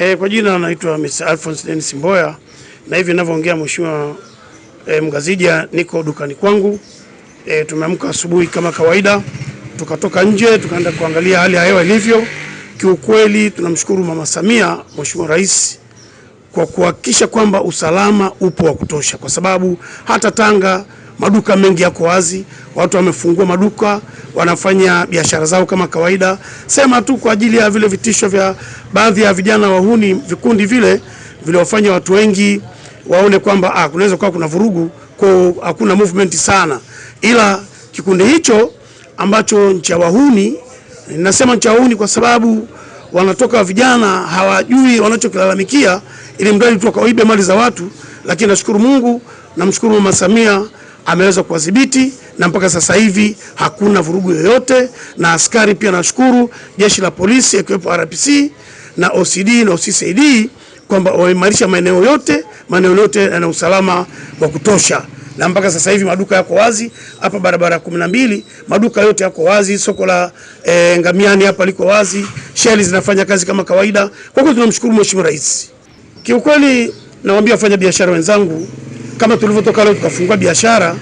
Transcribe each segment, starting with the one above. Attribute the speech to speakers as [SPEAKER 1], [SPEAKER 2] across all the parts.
[SPEAKER 1] E, kwa jina naitwa Mr. Alphonse Dennis Mboya na hivi ninavyoongea Mheshimiwa e, Mgazija niko dukani kwangu. E, tumeamka asubuhi kama kawaida tukatoka nje tukaenda kuangalia hali ya hewa ilivyo. Kiukweli tunamshukuru Mama Samia Mheshimiwa Rais kwa kuhakikisha kwamba usalama upo wa kutosha, kwa sababu hata Tanga maduka mengi yako wazi, watu wamefungua maduka, wanafanya biashara zao kama kawaida, sema tu kwa ajili ya vile vitisho vya baadhi ya vijana wahuni, vikundi vile viliwafanya watu wengi waone kwamba ah, kunaweza kuwa kuna vurugu, kwa hakuna movement sana, ila kikundi hicho ambacho nchi ya wahuni, ninasema nchi ya wahuni kwa sababu wanatoka vijana hawajui wanachokilalamikia, ili mradi tu wakaibe mali za watu. Lakini nashukuru Mungu, namshukuru Mama Samia ameweza kuwadhibiti na mpaka sasa hivi hakuna vurugu yoyote, na askari pia nashukuru jeshi la polisi akiwepo RPC na OCD na OCCD kwamba wameimarisha maeneo yote, maeneo yote yana usalama wa kutosha na mpaka sasa hivi maduka yako wazi hapa barabara ya kumi na mbili, maduka yote yako wazi. Soko la e, Ngamiani hapa liko wazi, sheli zinafanya kazi kama kawaida. Kwa kweli tunamshukuru Mheshimiwa Rais. Kiukweli nawaambia wafanya biashara wenzangu kama tulivyotoka leo tukafungua biashara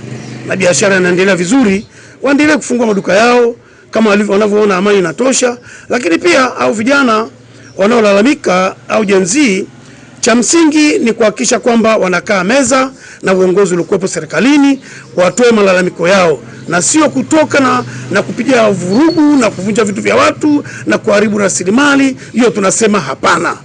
[SPEAKER 1] na biashara inaendelea vizuri, waendelee kufungua maduka yao kama wanavyoona amani inatosha. Lakini pia au vijana wanaolalamika au Gen Z, cha msingi ni kuhakikisha kwamba wanakaa meza na uongozi uliokuwepo serikalini, watoe malalamiko yao na sio kutoka na, na kupiga vurugu na kuvunja vitu vya watu na kuharibu rasilimali. Hiyo tunasema hapana.